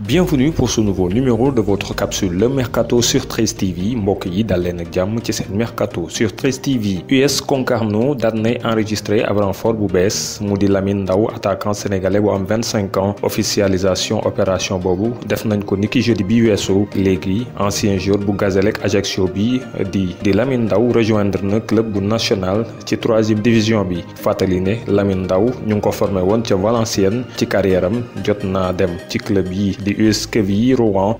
bienvenue pour ce nouveau numéro de votre capsule le mercato sur 13 TV Mokyi yi dal leen ak mercato sur 13 TV US Concarneau d'année enregistré avant renfort boubès Moudi Lamine attaquant sénégalais ou 25 ans officialisation opération Bobu. def nañ ko niki jeudi bi weesu Légui, ancien joueur bu Gazélec Ajaccio bi di di Lamine Ndaw rejoindre na club national ci troisième division bi fatali Lamine Ndaw ñu ngi ko formé Valenciennes ci carrière am dem ci club yi di US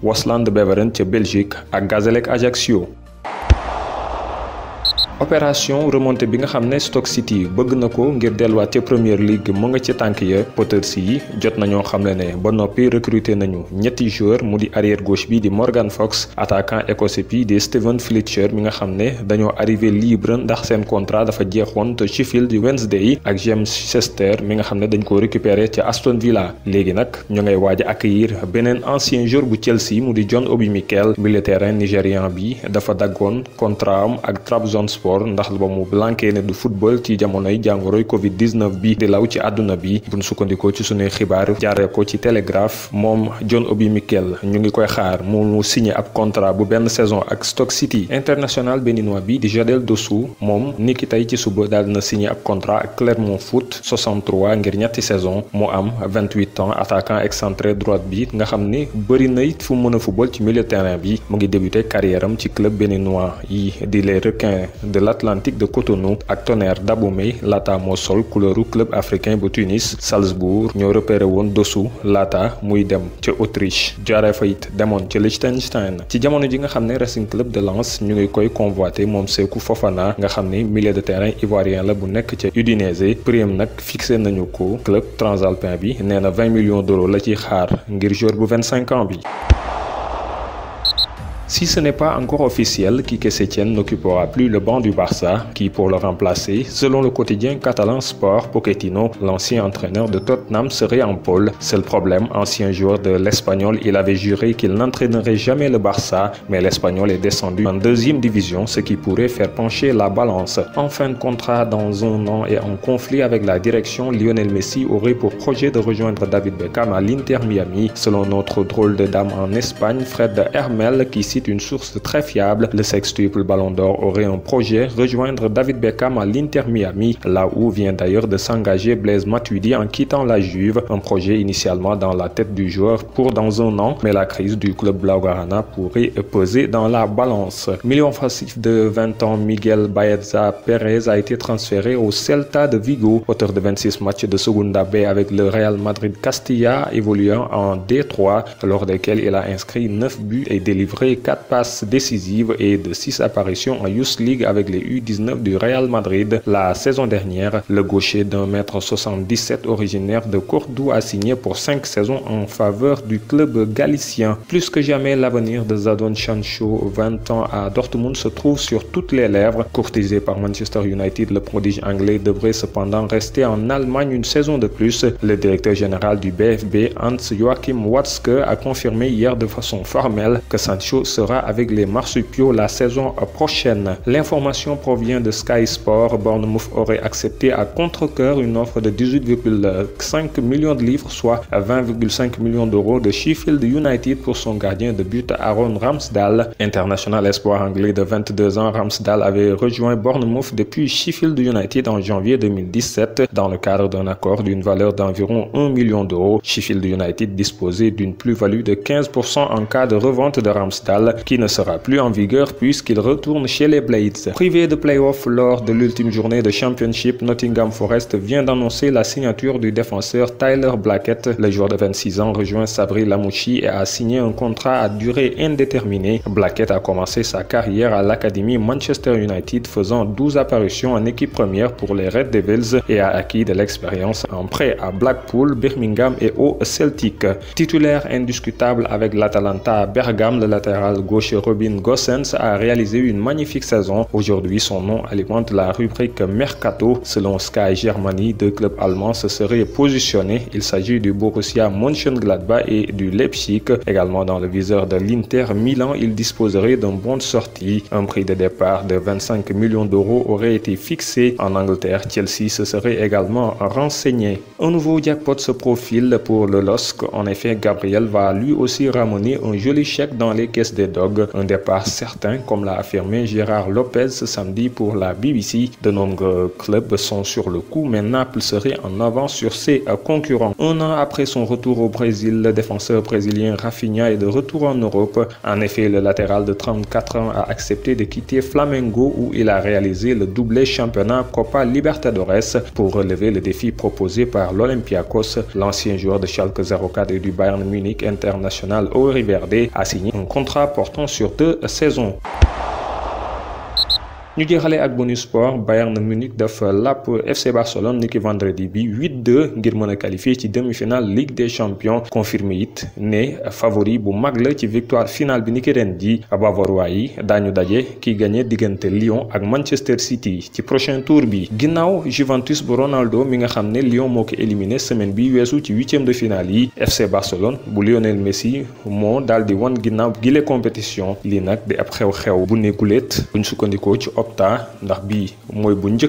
Wasland Beveren ca Belgique ak Gazélec Ajaccio opération remontée bi nga xam ne Stoke City bëgg na ko ngir delluwaat ca Premier League mu nga ca tànk ya Potters yi jot nañoo xamle ne ba noppi recruter nañu ñetti joueur mu di arrière gauche bi di Morgan Fox attaquant écossais bi di Steven Fletcher mi nga xam ne dañoo arrivé libre ndax seen contrat dafa jeexoon te Sheffield Wednesday ak James Chester mi nga xam ne dañ ko récupérer ca Aston Villa léegi nag ñoo ngay waaj ak accueillir beneen ancien joueur bu Chelsea mu di John Obi Mikel militaire nigérian bi dafa daggoon sport ndax ba mu blanqué du football ci jamonoy Covid 19 bi di law ci aduna bi buñ sukkandikoo ci sunuy xibaar jaaree ko ci Telegraph mom John Obi Mikel ñu ngi koy xaar mu signé ab contrat bu benn saison ak stock City international béninois bi di Jadel Dossou mom niki tay ci suba signé ab contrat Clermont Foot 63 ngir ñetti saison mo am 28 ans attaquant excentré droite bi nga xamni ni bëri na it fu mëna football ci milieu terrain bi mu ngi débuté carrière am ci club béninois yi di les requins de de l'Atlantique de Cotonou ak Tonnerre d'Abomey laata moo sol couleuru club africain bu Tunis Salzbourg ñoo repéré woon Dossou laata muy dem ca Autriche jaaree fa it demoon ca Liechtenstein ci jamono ji nga xam ne Racing Club de lance ñu ngi koy convoité moom Sékou Fofana nga xam ne milieu de terrain ivoirien la bu nekk ca Udinese prime nag fixé nañu ko club transalpin bi nee na 20 millions d'euros la ci xaar ngir jour bu 25 ans bi. Si ce n'est pas encore officiel, Kike Sétienne n'occupera plus le banc du Barça, qui pour le remplacer, selon le quotidien catalan Sport, Pochettino, l'ancien entraîneur de Tottenham, serait en pôle. C'est le problème, ancien joueur de l'Espagnol, il avait juré qu'il n'entraînerait jamais le Barça, mais l'Espagnol est descendu en deuxième division, ce qui pourrait faire pencher la balance. En fin de contrat dans un an et en conflit avec la direction, Lionel Messi aurait pour projet de rejoindre David Beckham à l'Inter Miami, selon notre drôle de dame en Espagne, Fred Hermel, qui s'y une source très fiable, le sextuple Ballon d'Or aurait un projet rejoindre David Beckham à l'Inter Miami, là où vient d'ailleurs de s'engager Blaise Matuidi en quittant la Juve, un projet initialement dans la tête du joueur pour dans un an, mais la crise du club Blaugrana pourrait peser dans la balance. Million offensif de 20 ans, Miguel Baeza Perez a été transféré au Celta de Vigo, auteur de 26 matchs de Segunda B avec le Real Madrid Castilla, évoluant en D3, lors desquels il a inscrit 9 buts et délivré 4 passes décisives et de 6 apparitions en Youth League avec les U19 du Real Madrid la saison dernière. Le gaucher d'un mètre 77 originaire de Cordoue a signé pour 5 saisons en faveur du club galicien. Plus que jamais, l'avenir de Zadon Sancho, 20 ans à Dortmund, se trouve sur toutes les lèvres. Courtisé par Manchester United, le prodige anglais devrait cependant rester en Allemagne une saison de plus. Le directeur général du BFB, Hans Joachim Watzke, a confirmé hier de façon formelle que Sancho sera avec les marsupiaux la saison prochaine. L'information provient de Sky Sport. Bournemouth aurait accepté à contre une offre de 18,5 millions de livres, soit 20,5 millions d'euros de Sheffield United pour son gardien de but Aaron Ramsdale. International espoir anglais de 22 ans, Ramsdale avait rejoint Bournemouth depuis Sheffield United en janvier 2017 dans le cadre d'un accord d'une valeur d'environ 1 million d'euros. Sheffield United disposait d'une plus-value de 15% en cas de revente de Ramsdale qui ne sera plus en vigueur puisqu'il retourne chez les Blades. Privé de playoff lors de l'ultime journée de Championship, Nottingham Forest vient d'annoncer la signature du défenseur Tyler Blackett. Le joueur de 26 ans rejoint Sabri Lamouchi et a signé un contrat à durée indéterminée. Blackett a commencé sa carrière à l'Académie Manchester United faisant 12 apparitions en équipe première pour les Red Devils et a acquis de l'expérience en prêt à Blackpool, Birmingham et au Celtic. Titulaire indiscutable avec l'Atalanta à Bergame, le latéral gauche Robin Gossens a réalisé une magnifique saison. Aujourd'hui, son nom alimente la rubrique Mercato. Selon Sky Germany, deux clubs allemands se seraient positionnés. Il s'agit du Borussia Mönchengladbach et du Leipzig. Également dans le viseur de l'Inter Milan, il disposerait d'un bon de sortie. Un prix de départ de 25 millions d'euros aurait été fixé. En Angleterre, Chelsea se serait également renseigné. Un nouveau jackpot se profile pour le LOSC. En effet, Gabriel va lui aussi ramener un joli chèque dans les caisses de dog un départ certain comme l'a affirmé Gérard Lopez samedi pour la BBC. De nombreux clubs sont sur le coup, mais Naples serait en avance sur ses concurrents. Un an après son retour au Brésil, le défenseur brésilien Rafinha est de retour en Europe. En effet, le latéral de 34 ans a accepté de quitter Flamengo où il a réalisé le doublé championnat Copa Libertadores pour relever le défi proposé par l'Olympiakos. L'ancien joueur de Schalke 04 et du Bayern Munich international au a signé un contrat portant sur deux saisons ñu jeexalee ak bonus sport Bayern Munich la pour FC Barcelone niki vendredi bi 8-2 ngir mën a qualifier ci demi-finale Ligue des champions confirmé it favori bu mag la victoire finale bi niki ren ji bavarois yi daañu daje gagné Lyon ak Manchester City ci prochain tour bi Juventus bu Ronaldo mi nga Lyon moo éliminé semaine bi weesu ci huitième de finale yi FC Barcelone bu Lionel Messi moo daal di wan ginnaaw compétition lii nag di ab xew-xew bu nekkuleet buñ sukkandikoo ci opta ndax bi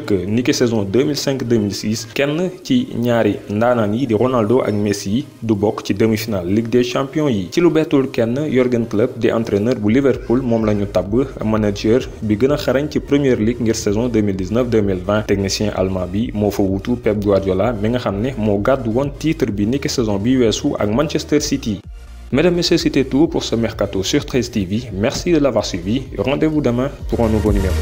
que bu saison 2005 2006 kenn ci ñaari ndaanaan yi di Ronaldo ak Messi du la ci demi-finale Ligue des Champions yi ci lu kenn Jürgen Klopp di entraîneur bu Liverpool mom lañu été manager bi la première xarañ ci Premier League ngir saison 2019 2020 technicien allemand bi mo fa Pep Guardiola mi nga xamné mo won titre bi niki saison bi wessu ak Manchester City Mesdames, Messieurs, c'était tout pour ce Mercato sur 13 TV. Merci de l'avoir suivi. Rendez-vous demain pour un nouveau numéro.